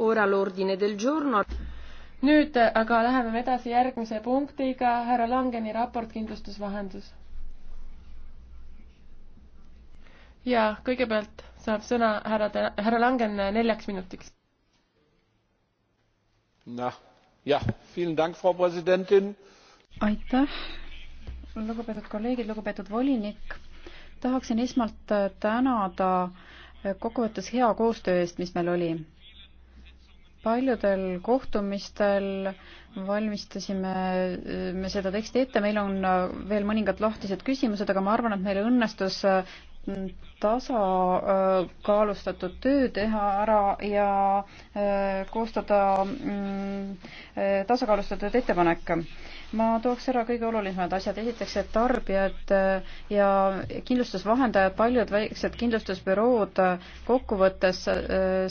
nüüd aga läheme edasi järgmise punktiga, härra Langeni raport kindlustusvahendus. ja kõigepealt saab sõna härra, härra Langen neljaks minutiks. noh, jah, aitäh, lugupeetud kolleegid, lugupeetud volinik. tahaksin esmalt tänada kokkuvõttes hea koostöö eest, mis meil oli paljudel kohtumistel valmistasime äh, me seda teksti ette, meil on äh, veel mõningad lahtised küsimused, aga ma arvan, et meil õnnestus äh, tasakaalustatud töö teha ära ja äh, koostada mm, äh, tasakaalustatud ettepanek. ma tooks ära kõige olulisemad asjad. esiteks, et tarbijad äh, ja kindlustusvahendajad, paljud väiksed kindlustusbürood kokkuvõttes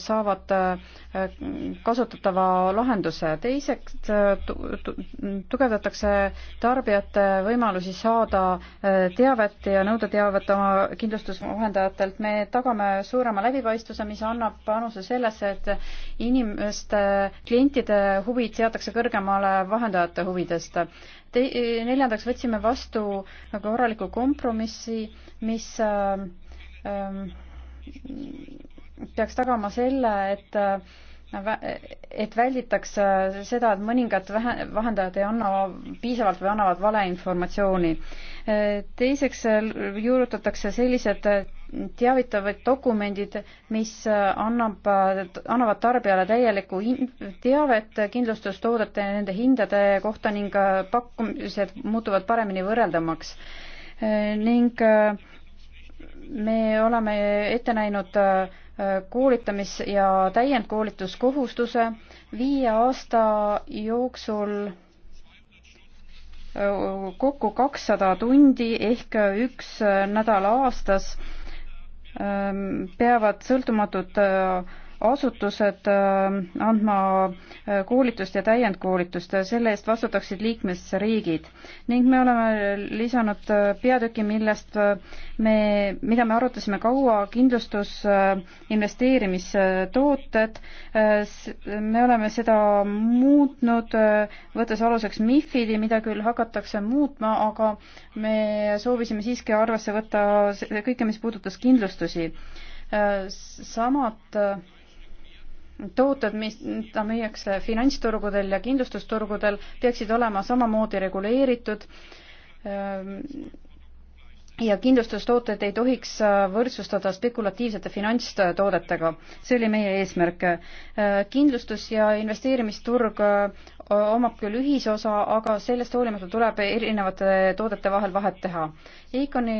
saavad kasutatava lahenduse. teiseks tugevdatakse tarbijate võimalusi saada teavet ja nõuda teavet oma kindlustusvahendajatele kindlustusvahendajatelt, me tagame suurema läbipaistvuse, mis annab panuse sellesse, et inimeste, klientide huvid seatakse kõrgemale vahendajate huvidest. Te-, neljandaks võtsime vastu nagu korraliku kompromissi, mis äh, äh, peaks tagama selle, et äh, et välditaks seda, et mõningad vähe, vahendajad ei anna piisavalt või annavad valeinformatsiooni. teiseks juurutatakse sellised teavitavad dokumendid, mis annab, annavad tarbijale täielikku teavet kindlustustoodete ja nende hindade kohta ning pakkumised muutuvad paremini võrreldamaks. ning me oleme ette näinud äh, koolitamis- ja täiendkoolituskohustuse viie aasta jooksul kokku kakssada tundi ehk üks nädal aastas peavad sõltumatud asutused äh, andma äh, koolitust ja täiendkoolitust, äh, selle eest vastutaksid liikmesriigid. ning me oleme lisanud peatüki, millest me, mida me arutasime kaua, kindlustus, investeerimistooted, me oleme seda muutnud, võttes aluseks MIFID-i, mida küll hakatakse muutma, aga me soovisime siiski arvesse võtta kõike, mis puudutas kindlustusi samad tooted, mida müüakse finantsturgudel ja kindlustusturgudel, peaksid olema samamoodi reguleeritud ja kindlustustooted ei tohiks võrdsustada spekulatiivsete finantstoodetega. see oli meie eesmärk. kindlustus- ja investeerimisturg omab küll ühisosa, aga sellest hoolimata tuleb erinevate toodete vahel vahet teha. Econi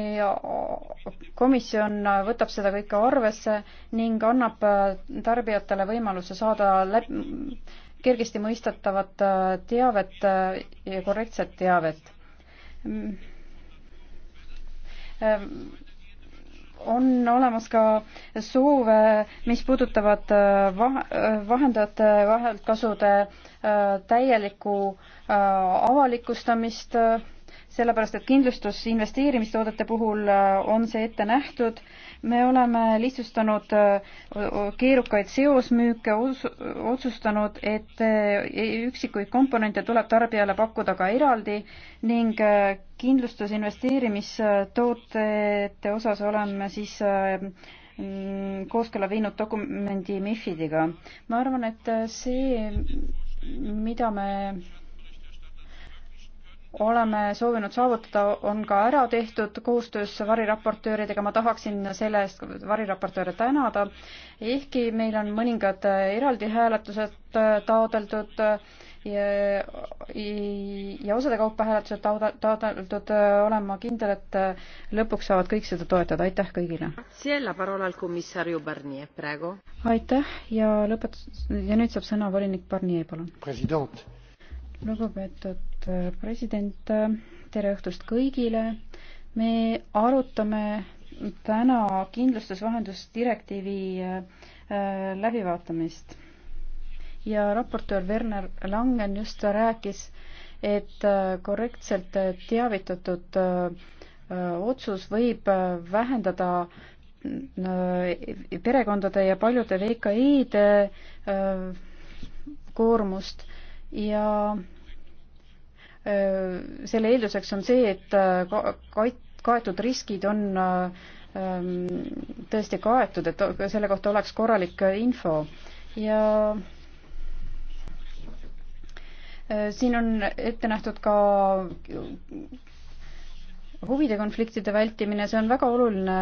komisjon võtab seda kõike arvesse ning annab tarbijatele võimaluse saada läb-, kergesti mõistetavat äh, teavet äh, ja korrektset teavet mm. ähm, on olemas ka soove, mis puudutavad äh, äh, vahendajate vaheltkasude äh, täielikku avalikustamist, sellepärast et kindlustusinvesteerimistoodete puhul on see ette nähtud me oleme lihtsustanud keerukaid seosmüüke, otsustanud, et e-, üksikuid komponente tuleb tarbijale pakkuda ka eraldi ning kindlustus investeerimistootete osas oleme siis kooskõla viinud dokumendi MIFIDiga. ma arvan, et see, mida me oleme soovinud saavutada, on ka ära tehtud koostöös variraportööridega, ma tahaksin selle eest variraportööre tänada, ehkki meil on mõningad eraldi hääletused taodeldud ja, ja osade kaupa hääletused taoda-, taodeldud, olen ma kindel, et lõpuks saavad kõik seda toetada, aitäh kõigile! aitäh ja lõpetus, ja nüüd saab sõna volinik Barnier, palun! president lugupeetud äh, president, tere õhtust kõigile. me arutame täna kindlustusvahendusdirektiivi äh, äh, läbivaatamist ja raportöör Werner Langen just rääkis, et korrektselt teavitatud otsus võib vähendada perekondade ja paljude VKI-de koormust ja selle eelduseks on see, et äh, kaetud riskid on äh, ähm, tõesti kaetud, et selle kohta oleks korralik äh, info ja siin on ette nähtud ka huvide konfliktide vältimine, see on väga oluline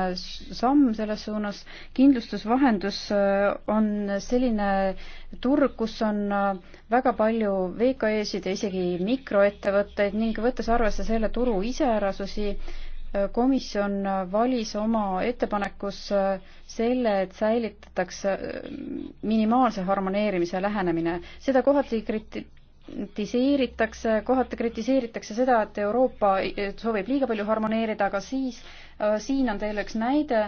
samm selles suunas. kindlustusvahendus äh, on selline turg, kus on äh, väga palju VKE-sid ja isegi mikroettevõtteid ning võttes arvesse selle turu iseärasusi, äh, komisjon valis oma ettepanekus selle, et säilitatakse minimaalse harmoneerimise lähenemine. seda kohati kriti-, kritiseeritakse, kohati kritiseeritakse seda, et Euroopa soovib liiga palju harmoneerida, aga siis äh, siin on teil üks näide,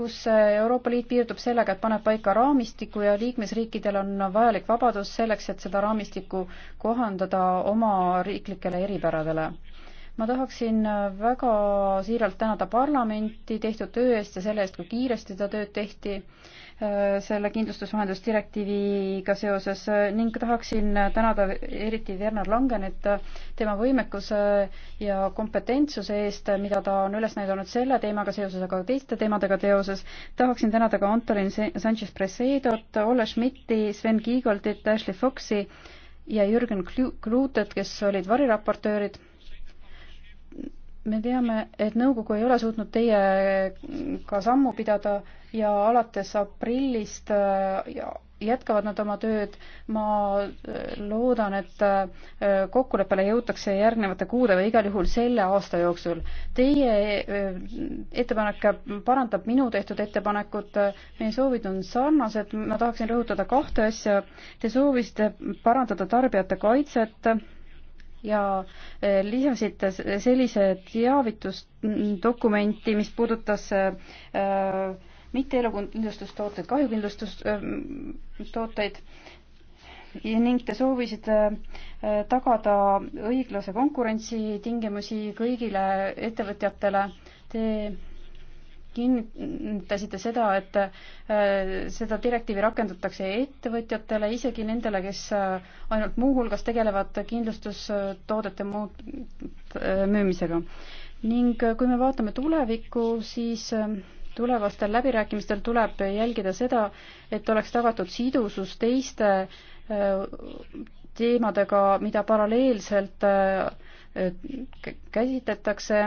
kus äh, Euroopa Liit piirdub sellega, et paneb paika raamistiku ja liikmesriikidel on vajalik vabadus selleks, et seda raamistikku kohandada oma riiklikele eripäradele ma tahaksin äh, väga siiralt tänada parlamenti tehtud töö eest ja selle eest, kui kiiresti seda tööd tehti äh, selle kindlustusvahendusdirektiiviga seoses ning tahaksin tänada eriti Werner Langenit äh, tema võimekuse ja kompetentsuse eest, mida ta on üles näidanud selle teemaga seoses, aga teiste teemadega seoses. tahaksin tänada ka Antolin Sanchez Presedot, Olle Schmidti, Sven Kiigoldit, Ashley Foxi ja Jürgen Kluutet, kes olid variraportöörid me teame, et nõukogu ei ole suutnud teiega sammu pidada ja alates aprillist äh, jätkavad nad oma tööd. ma äh, loodan, et äh, kokkuleppele jõutakse järgnevate kuude või igal juhul selle aasta jooksul. Teie ettepanek parandab minu tehtud ettepanekut. meie soovid on sarnased. ma tahaksin rõhutada kahte asja. Te soovisite parandada tarbijate kaitset ja eh, lisasid sellise teavitusdokumenti, mis puudutas eh, mitte elukindlustustooteid, kahjukindlustustooteid ning te soovisite eh, tagada õiglase konkurentsitingimusi kõigile ettevõtjatele. Te kinnitasite seda, et äh, seda direktiivi rakendatakse ettevõtjatele, isegi nendele, kes äh, ainult muuhulgas tegelevad kindlustustoodete muud äh, müümisega. ning kui me vaatame tulevikku, siis tulevastel läbirääkimistel tuleb jälgida seda, et oleks tagatud sidusus teiste teemadega, mida paralleelselt käsitletakse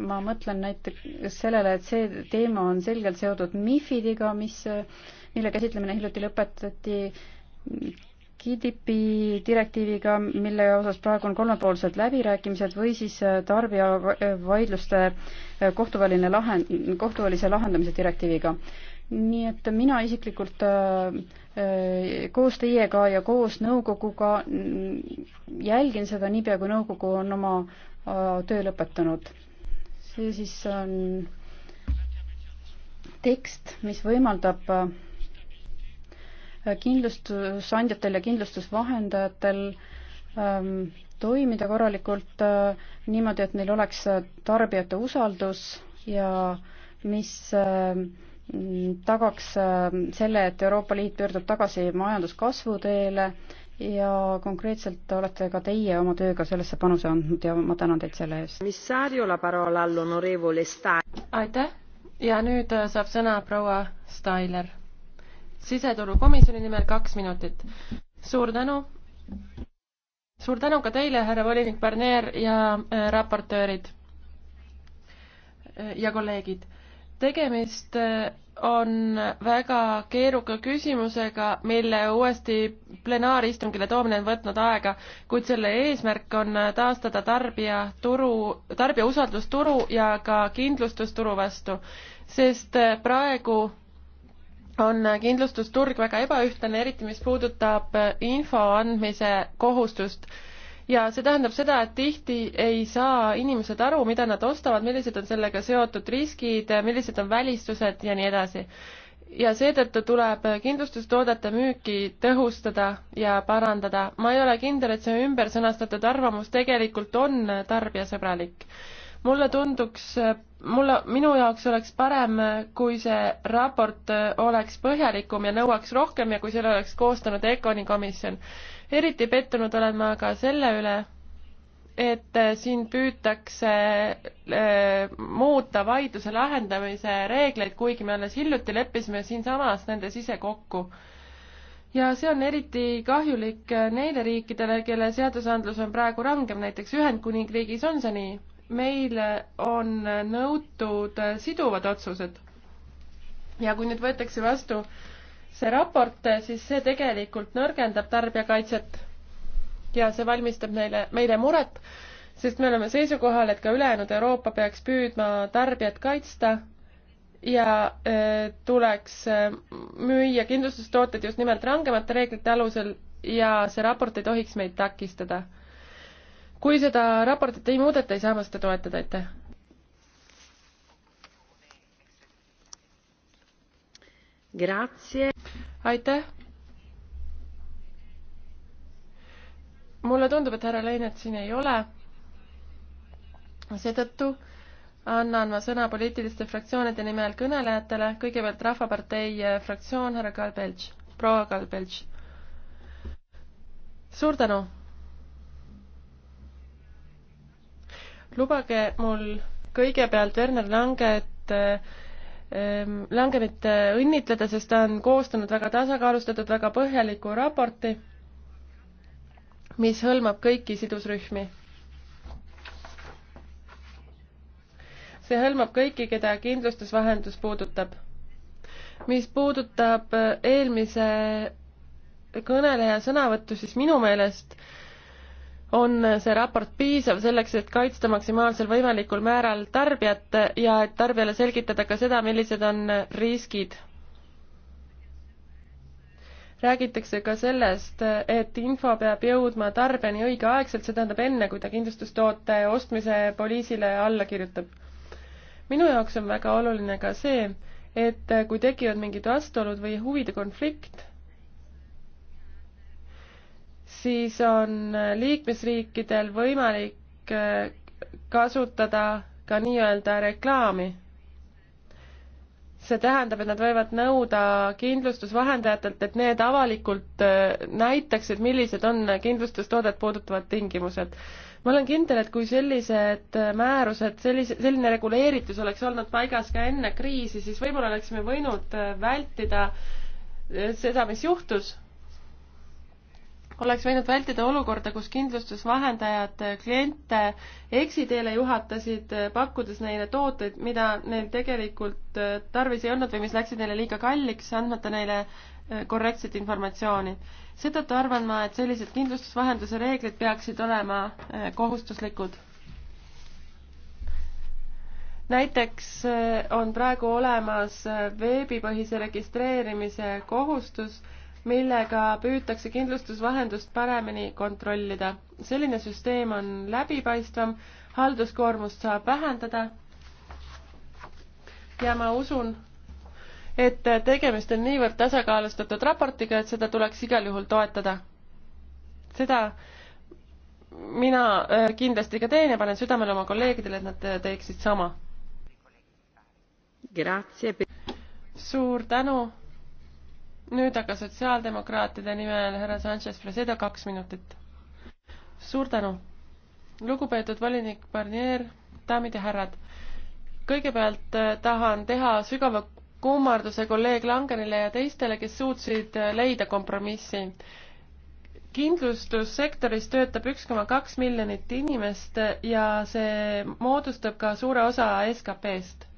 ma mõtlen näiteks sellele, et see teema on selgelt seotud MIFIDiga, mis, mille käsitlemine hiljuti lõpetati, GDP direktiiviga, mille osas praegu on kolmepoolsed läbirääkimised või siis tarbijavaidluste kohtuväline lahend, kohtuvälise lahendamise direktiiviga. nii et mina isiklikult äh, koos teiega ja koos nõukoguga jälgin seda niipea, kui nõukogu on oma äh, töö lõpetanud see siis on ähm, tekst, mis võimaldab äh, kindlustusandjatel ja kindlustusvahendajatel ähm, toimida korralikult äh, niimoodi, et neil oleks äh, tarbijate usaldus ja mis tagaks selle, et Euroopa Liit pöördub tagasi majanduskasvu teele ja konkreetselt olete ka teie oma tööga sellesse panuse andnud ja ma tänan teid selle eest. aitäh ja nüüd äh, saab sõna proua Stailer. siseturukomisjoni nimel kaks minutit. suur tänu. suur tänu ka teile, härra volinik Barnier ja äh, raportöörid äh, ja kolleegid tegemist äh, on väga keeruka küsimusega, mille uuesti plenaaristungile toomine on võtnud aega, kuid selle eesmärk on taastada tarbija turu, tarbija usaldus turu ja ka kindlustusturu vastu, sest äh, praegu on kindlustusturg väga ebaühtlane, eriti mis puudutab äh, info andmise kohustust ja see tähendab seda, et tihti ei saa inimesed aru, mida nad ostavad, millised on sellega seotud riskid, millised on välistused ja nii edasi. ja seetõttu tuleb kindlustustoodete müüki tõhustada ja parandada. ma ei ole kindel, et see ümber sõnastatud arvamus tegelikult on tarbijasõbralik. mulle tunduks, mulle, minu jaoks oleks parem, kui see raport oleks põhjalikum ja nõuaks rohkem ja kui selle oleks koostanud Econi komisjon eriti pettunud olen ma aga selle üle, et siin püütakse äh, muuta vaidluse lahendamise reegleid, kuigi me alles hiljuti leppisime siinsamas nendes ise kokku. ja see on eriti kahjulik neile riikidele, kelle seadusandlus on praegu rangem, näiteks Ühendkuningriigis on see nii. meil on nõutud siduvad otsused. ja kui nüüd võetakse vastu äh, see raport, siis see tegelikult nõrgendab tarbijakaitset ja see valmistab neile, meile muret, sest me oleme seisukohal, et ka ülejäänud Euroopa peaks püüdma tarbijat kaitsta ja äh, tuleks äh, müüa kindlustustooted just nimelt rangemate reeglite alusel ja see raport ei tohiks meid takistada. kui seda raportit ei muudeta, ei saa ma seda toetada, aitäh. Grazie aitäh. mulle tundub, et härra Leinet siin ei ole. seetõttu annan ma sõna poliitiliste fraktsioonide nimel kõnelejatele, kõigepealt Rahvapartei eh, fraktsioon, härra Kalbelts, proua Kalbelts. suur tänu. lubage mul kõigepealt Werner Langet eh, Ehm, Langenit õnnitleda, sest ta on koostanud väga tasakaalustatud, väga põhjaliku raporti, mis hõlmab kõiki sidusrühmi. see hõlmab kõiki, keda kindlustusvahendus puudutab. mis puudutab eelmise kõneleja sõnavõttu, siis minu meelest äh, on see raport piisav selleks, et kaitsta maksimaalsel võimalikul määral tarbijat ja et tarbijale selgitada ka seda, millised on riskid. räägitakse ka sellest, et info peab jõudma tarbijani õigeaegselt, see tähendab enne, kui ta kindlustustoote ostmise poliisile alla kirjutab. minu jaoks on väga oluline ka see, et kui tekivad mingid vastuolud või huvide konflikt, siis on liikmesriikidel võimalik äh, kasutada ka nii-öelda reklaami. see tähendab, et nad võivad nõuda kindlustusvahendajatelt, et need avalikult äh, näitaksid, millised on kindlustustoodet puudutavad tingimused. ma olen kindel, et kui sellised äh, määrused, sellise, selline reguleeritus oleks olnud paigas ka enne kriisi, siis võib-olla oleksime võinud vältida seda, mis juhtus oleks võinud vältida olukorda, kus kindlustusvahendajad kliente eksiteele juhatasid, pakkudes neile tooteid, mida neil tegelikult äh, tarvis ei olnud või mis läksid neile liiga kalliks, andmata neile äh, korrektset informatsiooni. seetõttu arvan ma, et sellised kindlustusvahenduse reeglid peaksid olema äh, kohustuslikud. näiteks on praegu olemas veebipõhise registreerimise kohustus millega püütakse kindlustusvahendust paremini kontrollida. selline süsteem on läbipaistvam, halduskoormust saab vähendada ja ma usun, et tegemist on niivõrd tasakaalustatud raportiga, et seda tuleks igal juhul toetada. seda mina äh, kindlasti ka teen ja panen südamele oma kolleegidele, et nad äh, teeksid sama. suur tänu nüüd aga sotsiaaldemokraatide nimel härra Sanchez Fresedo, kaks minutit. suur tänu. lugupeetud volinik Barnier, daamid ja härrad. kõigepealt äh, tahan teha sügava kummarduse kolleeg Langenile ja teistele, kes suutsid äh, leida kompromissi kindlustussektoris töötab üks koma kaks miljonit inimest ja see moodustab ka suure osa SKP-st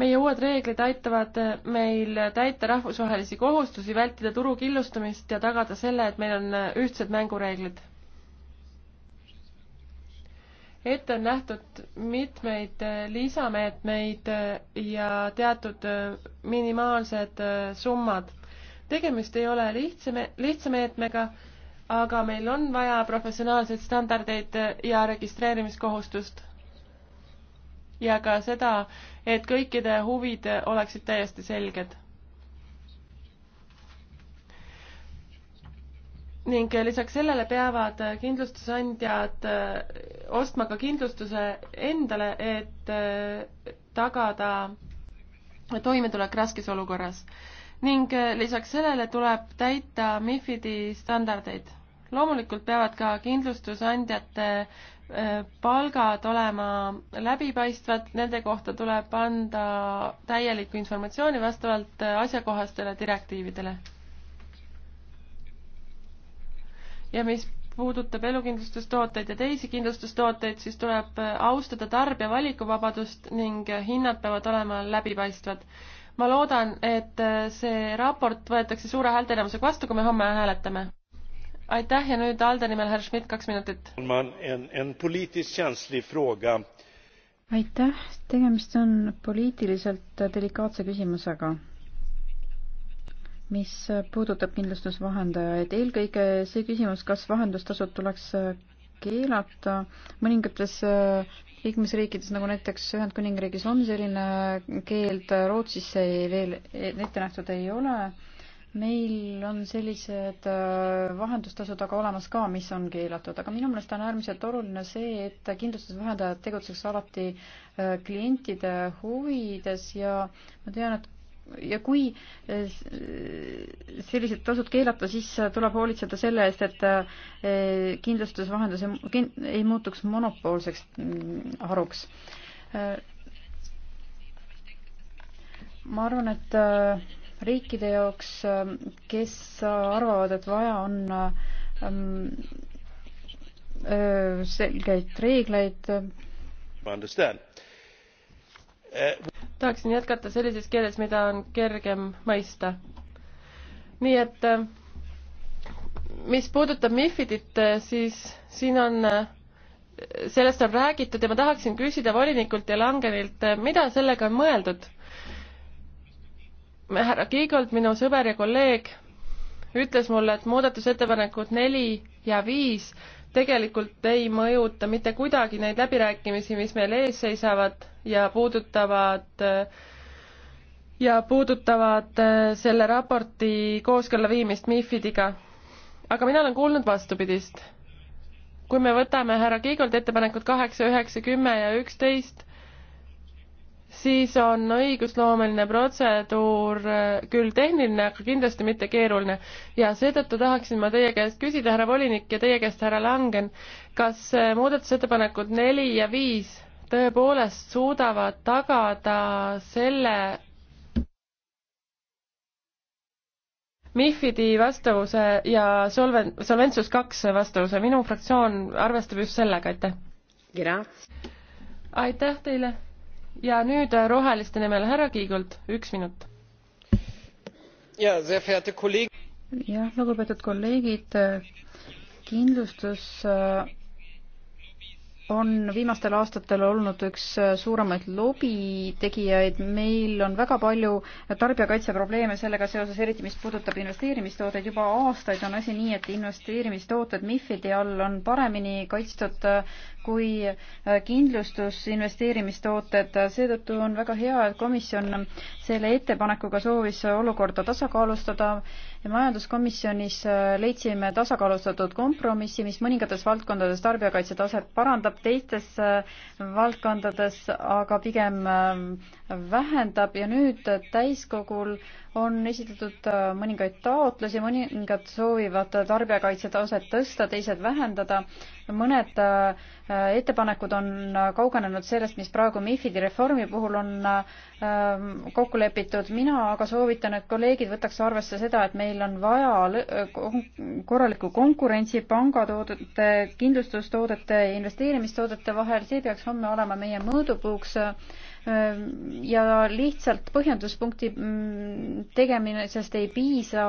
meie uued reeglid aitavad meil täita rahvusvahelisi kohustusi, vältida turu killustamist ja tagada selle, et meil on ühtsed mängureeglid. ette on nähtud mitmeid lisameetmeid ja teatud minimaalsed summad. tegemist ei ole lihtsa, lihtsa meetmega, aga meil on vaja professionaalseid standardeid ja registreerimiskohustust. ja ka seda, et kõikide huvid oleksid täiesti selged. ning lisaks sellele peavad kindlustusandjad äh, ostma ka kindlustuse endale, et äh, tagada toimetulek raskes olukorras. ning äh, lisaks sellele tuleb täita MIFID-i standardeid loomulikult peavad ka kindlustusandjate äh, palgad olema läbipaistvad, nende kohta tuleb anda täielikku informatsiooni vastavalt äh, asjakohastele direktiividele. ja mis puudutab elukindlustustooteid ja teisi kindlustustooteid, siis tuleb äh, austada tarbija valikuvabadust ning hinnad peavad olema läbipaistvad. ma loodan, et see raport võetakse suure häälteenamusega vastu, kui me homme hääletame aitäh ja nüüd ALDE nimel härra Schmidt, kaks minutit. aitäh, tegemist on poliitiliselt delikaatse küsimusega mis puudutab kindlustusvahendajaid, eelkõige see küsimus, kas vahendustasud tuleks keelata, mõningates äh, liikmesriikides, nagu näiteks Ühendkuningriigis on selline keeld, Rootsis see veel ette nähtud ei ole meil on sellised äh, vahendustasud aga olemas ka, mis on keelatud, aga minu meelest on äärmiselt oluline see, et kindlustusvahendajad tegutseks alati äh, klientide huvides ja ma tean, et ja kui äh, sellised tasud keelata, siis tuleb hoolitseda selle eest, et kindlustusvahendus ei, ei muutuks monopoolseks mm, haruks. ma arvan, et riikide jaoks, ähm, kes äh, arvavad, et vaja on ähm, äh, selgeid reegleid. Äh, tahaksin jätkata sellises keeles, mida on kergem mõista. nii et mis puudutab MIFIDit, siis siin on, sellest on räägitud ja ma tahaksin küsida volinikult ja Langenilt, mida sellega on mõeldud härra Kiigold, minu sõber ja kolleeg, ütles mulle, et muudatusettepanekud neli ja viis tegelikult ei mõjuta mitte kuidagi neid läbirääkimisi, mis meil ees seisavad ja puudutavad ja puudutavad äh, selle raporti kooskõlla viimist MIFIDiga. aga mina olen kuulnud vastupidist. kui me võtame härra Kiigolt ettepanekud kaheksa, üheksa, kümme ja üksteist, siis on õigusloomeline protseduur äh, küll tehniline, aga kindlasti mitte keeruline. ja seetõttu tahaksin ma teie käest küsida, härra volinik ja teie käest, härra Langen, kas äh, muudatusettepanekud neli ja viis tõepoolest suudavad tagada selle MIFID-i vastavuse ja solven-, Solventsus kaks vastavuse, minu fraktsioon arvestab just sellega, aitäh! aitäh teile! ja nüüd äh, roheliste nimel härra Kiigult üks minut. jah, lugupeetud kolleegid, kindlustus äh, on viimastel aastatel olnud üks äh, suuremaid lobitegijaid, meil on väga palju tarbijakaitseprobleeme sellega seoses, eriti mis puudutab investeerimistooteid, juba aastaid on asi nii, et investeerimistooted MIFID-i all on paremini kaitstud kui äh, kindlustus, investeerimistooted, seetõttu on väga hea, et komisjon selle ettepanekuga soovis olukorda tasakaalustada ja majanduskomisjonis äh, leidsime tasakaalustatud kompromissi, mis mõningates valdkondades tarbijakaitse taset parandab, teistes äh, valdkondades aga pigem vähendab ja nüüd täiskogul äh, on esitatud äh, mõningaid taotlusi, mõningad soovivad tarbijakaitse taset tõsta, teised vähendada. mõned äh, ettepanekud on äh, kaugenenud sellest, mis praegu MIFID-i reformi puhul on kokku lepitud. mina aga soovitan, et kolleegid võtaks arvesse seda, et meil on vaja korralikku konkurentsi pangatoodete, kindlustustoodete, investeerimistoodete vahel. see peaks homme olema meie mõõdupuuks ja lihtsalt põhjenduspunkti mm, tegemisest ei piisa,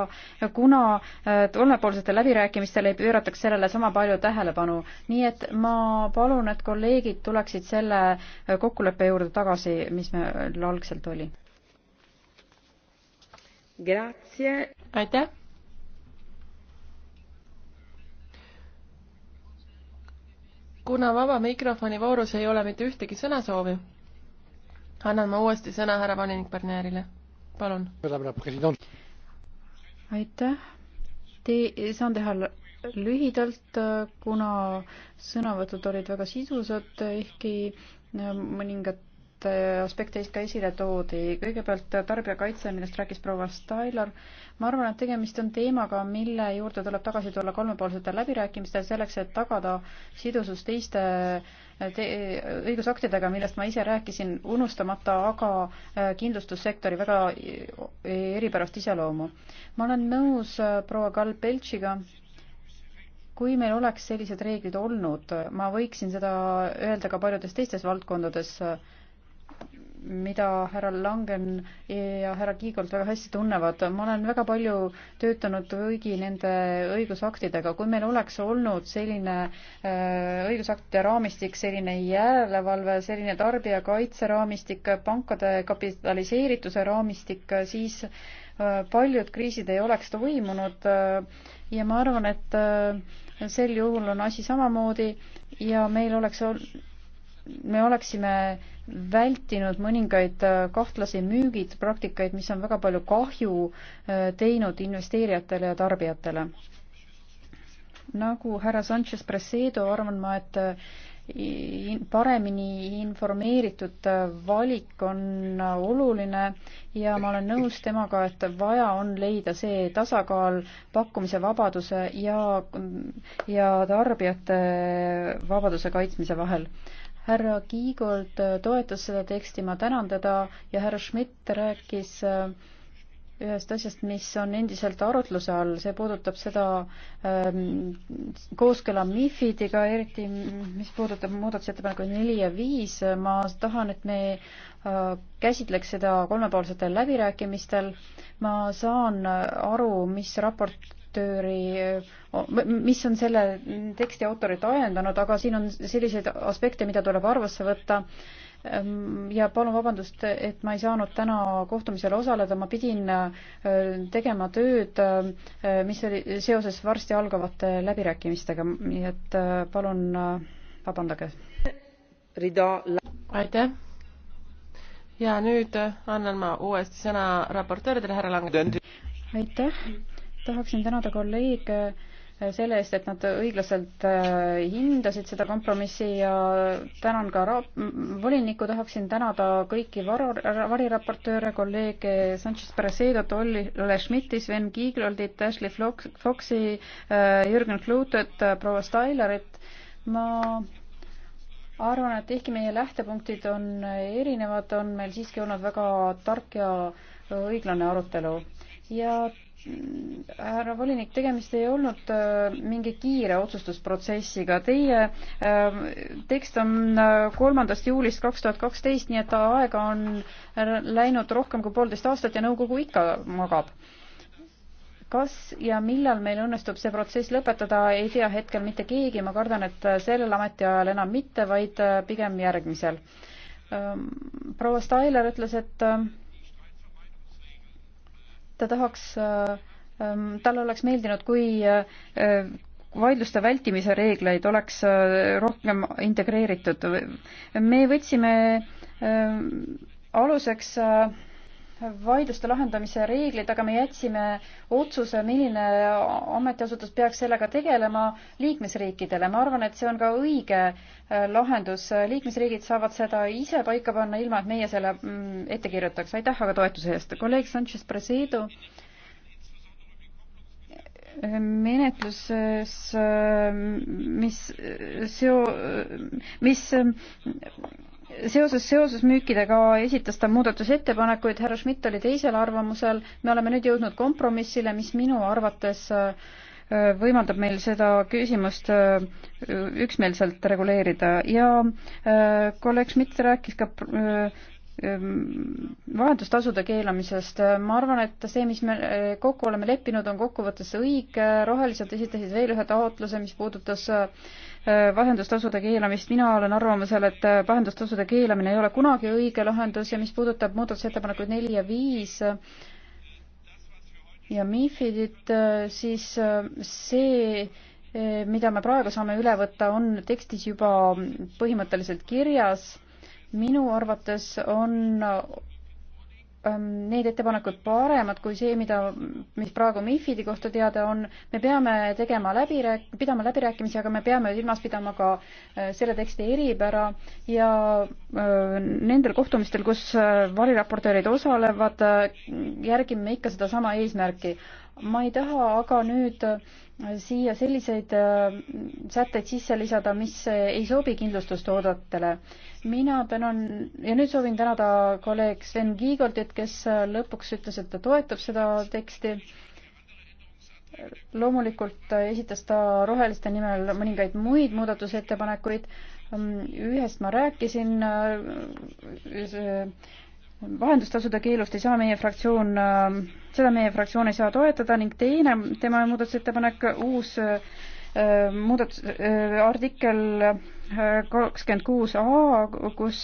kuna äh, kolmepoolsetel läbirääkimistel ei pöörataks sellele sama palju tähelepanu. nii et ma palun, et kolleegid tuleksid selle äh, kokkuleppe juurde tagasi, mis meil algselt oli. aitäh. kuna vaba mikrofoni voorus ei ole mitte ühtegi sõnasoovi annan ma uuesti sõna härra volinik Barnierile. palun. aitäh. Te, saan teha lühidalt, kuna sõnavõtud olid väga sisusad, ehkki äh, mõningad Äh, aspekte ka esile toodi. kõigepealt äh, tarbijakaitse, millest rääkis proua Stailer. ma arvan, et tegemist on teemaga, mille juurde tuleb tagasi tulla kolmepoolsetel läbirääkimistel selleks, et tagada sidusus teiste äh, te õigusaktidega, millest ma ise rääkisin, unustamata aga kindlustussektori väga eripärast iseloomu. ma olen nõus proua Karl Peltšiga, kui meil oleks sellised reeglid olnud, ma võiksin seda öelda ka paljudes teistes valdkondades, mida härra Langen ja härra Kiigolt väga hästi tunnevad. ma olen väga palju töötanud kõigi nende õigusaktidega. kui meil oleks olnud selline äh, õigusaktide raamistik, selline järelevalve, selline tarbijakaitseraamistik, pankade kapitaliseerituse raamistik, siis äh, paljud kriisid ei oleks toimunud ja ma arvan, et äh, sel juhul on asi samamoodi ja meil oleks, me oleksime vältinud mõningaid äh, kahtlasi müügipraktikaid, mis on väga palju kahju äh, teinud investeerijatele ja tarbijatele. nagu härra Sanchez Presedo, arvan ma, et äh, paremini informeeritud valik on oluline ja ma olen nõus temaga, et vaja on leida see tasakaal pakkumise vabaduse ja, ja tarbijate vabaduse kaitsmise vahel härra Kiigold äh, toetas seda teksti, ma tänan teda ja härra Schmidt rääkis äh, ühest asjast, mis on endiselt arutluse all, see puudutab seda ähm, kooskõla MIFIDiga, eriti mis puudutab muudatusettepanekuid neli ja viis, ma tahan, et me äh, käsitleks seda kolmepoolsetel läbirääkimistel. ma saan äh, aru, mis raport raportööri, mis on selle teksti autorit ajendanud, aga siin on selliseid aspekte, mida tuleb arvesse võtta. Ehm, ja palun vabandust, et ma ei saanud täna kohtumisel osaleda, ma pidin äh, tegema tööd, äh, mis oli seoses varsti algavate läbirääkimistega, nii et äh, palun vabandage. aitäh ja nüüd annan ma uuesti sõna raportööridele, härra Lang. aitäh tahaksin tänada kolleege äh, selle eest, et nad õiglaselt äh, hindasid seda kompromissi ja tänan ka volinikku, tahaksin tänada kõiki varu, variraportööre, kolleege Sanchez Peresedot, Olli Schmidti, Sven Kiigloldit, Ashley Foxi, äh, Jürgen Kluutet, proua Stailerit. ma arvan, et ehkki meie lähtepunktid on erinevad, on meil siiski olnud väga tark ja õiglane arutelu ja härra volinik, tegemist ei olnud äh, mingi kiire otsustusprotsessiga. Teie äh, tekst on äh, kolmandast juulist kaks tuhat kaksteist, nii et aega on läinud rohkem kui poolteist aastat ja nõukogu ikka magab. kas ja millal meil õnnestub see protsess lõpetada, ei tea hetkel mitte keegi, ma kardan, et sellel ametiajal enam mitte, vaid pigem järgmisel. Ähm, proua Stailer ütles, et ta tahaks, ähm, talle oleks meeldinud, kui äh, vaidluste vältimise reegleid oleks äh, rohkem integreeritud. me võtsime ähm, aluseks äh, vaidluste lahendamise reeglid, aga me jätsime otsuse, milline ametiasutus peaks sellega tegelema liikmesriikidele. ma arvan, et see on ka õige äh, lahendus. liikmesriigid saavad seda ise paika panna, ilma et meie selle mm, ette kirjutaks. aitäh aga toetuse eest. kolleeg Sanchez Presedo. menetluses, äh, mis äh, seo-, mis seoses seosesmüükidega esitas ta muudatusettepanekuid, härra Schmidt oli teisel arvamusel, me oleme nüüd jõudnud kompromissile, mis minu arvates äh, võimaldab meil seda küsimust äh, üksmeelselt reguleerida ja äh, kolleeg Schmidt rääkis ka vahendustasude keelamisest, ma arvan, et see, mis me kokku oleme leppinud, on kokkuvõttes õige, rohelised esitasid veel ühe taotluse, mis puudutas äh, vahendustasude keelamist, mina olen arvamusel, et vahendustasude keelamine ei ole kunagi õige lahendus ja mis puudutab muudatusettepanekuid neli ja viis ja MIFIDit, siis see, mida me praegu saame üle võtta, on tekstis juba põhimõtteliselt kirjas. minu arvates on need ettepanekud paremad kui see, mida, mis praegu MIFID-i kohta teada on, me peame tegema läbirääk-, pidama läbirääkimisi, aga me peame silmas pidama ka äh, selle teksti eripära ja äh, nendel kohtumistel, kus äh, variraportöörid osalevad, järgime ikka sedasama eesmärki. ma ei taha aga nüüd äh, siia selliseid äh, sätteid sisse lisada, mis ei sobi kindlustustoodetele. mina tänan ja nüüd soovin tänada kolleeg Sven Kiigordit, kes lõpuks ütles, et ta toetab seda teksti. loomulikult esitas ta roheliste nimel mõningaid muid muudatusettepanekuid. ühest ma rääkisin äh, äh, vahendustasude keelust ei saa meie fraktsioon, seda meie fraktsioon ei saa toetada ning teine tema muudatusettepanek, uus äh, muudatus, äh, artikkel äh, kakskümmend kuus A, kus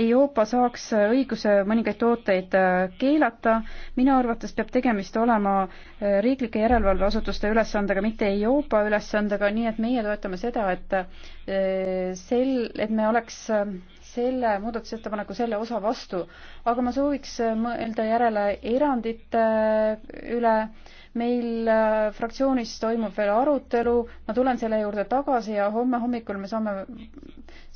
Euroopa saaks õiguse mõningaid tooteid keelata. minu arvates peab tegemist olema riiklike järelevalveasutuste ülesandega, mitte Euroopa ülesandega, nii et meie toetame seda, et sel, et me oleks selle muudatusettepaneku selle osa vastu, aga ma sooviks mõelda järele erandite üle. meil äh, fraktsioonis toimub veel arutelu, ma tulen selle juurde tagasi ja homme hommikul me saame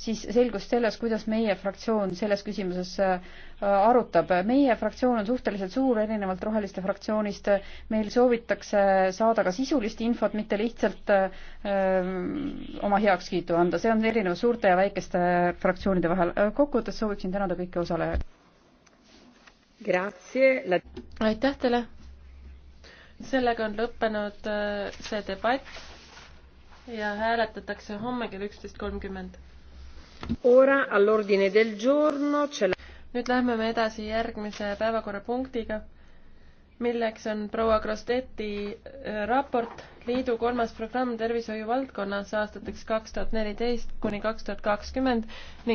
siis selgus selles, kuidas meie fraktsioon selles küsimuses äh, arutab. meie fraktsioon on suhteliselt suur, erinevalt Roheliste fraktsioonist. meil soovitakse saada ka sisulist infot, mitte lihtsalt öö, äh, oma heakskiitu anda. see on erinev suurte ja väikeste fraktsioonide vahel. Äh, kokkuvõttes sooviksin tänada kõiki osalejaid. aitäh teile. sellega on lõppenud see debatt ja hääletatakse homme kell üksteist kolmkümmend nüüd lähme me edasi järgmise päevakorrapunktiga, milleks on proua Krosteti äh, raport Liidu kolmas programm tervishoiu valdkonnas aastateks kaks tuhat neliteist kuni kaks tuhat kakskümmend ning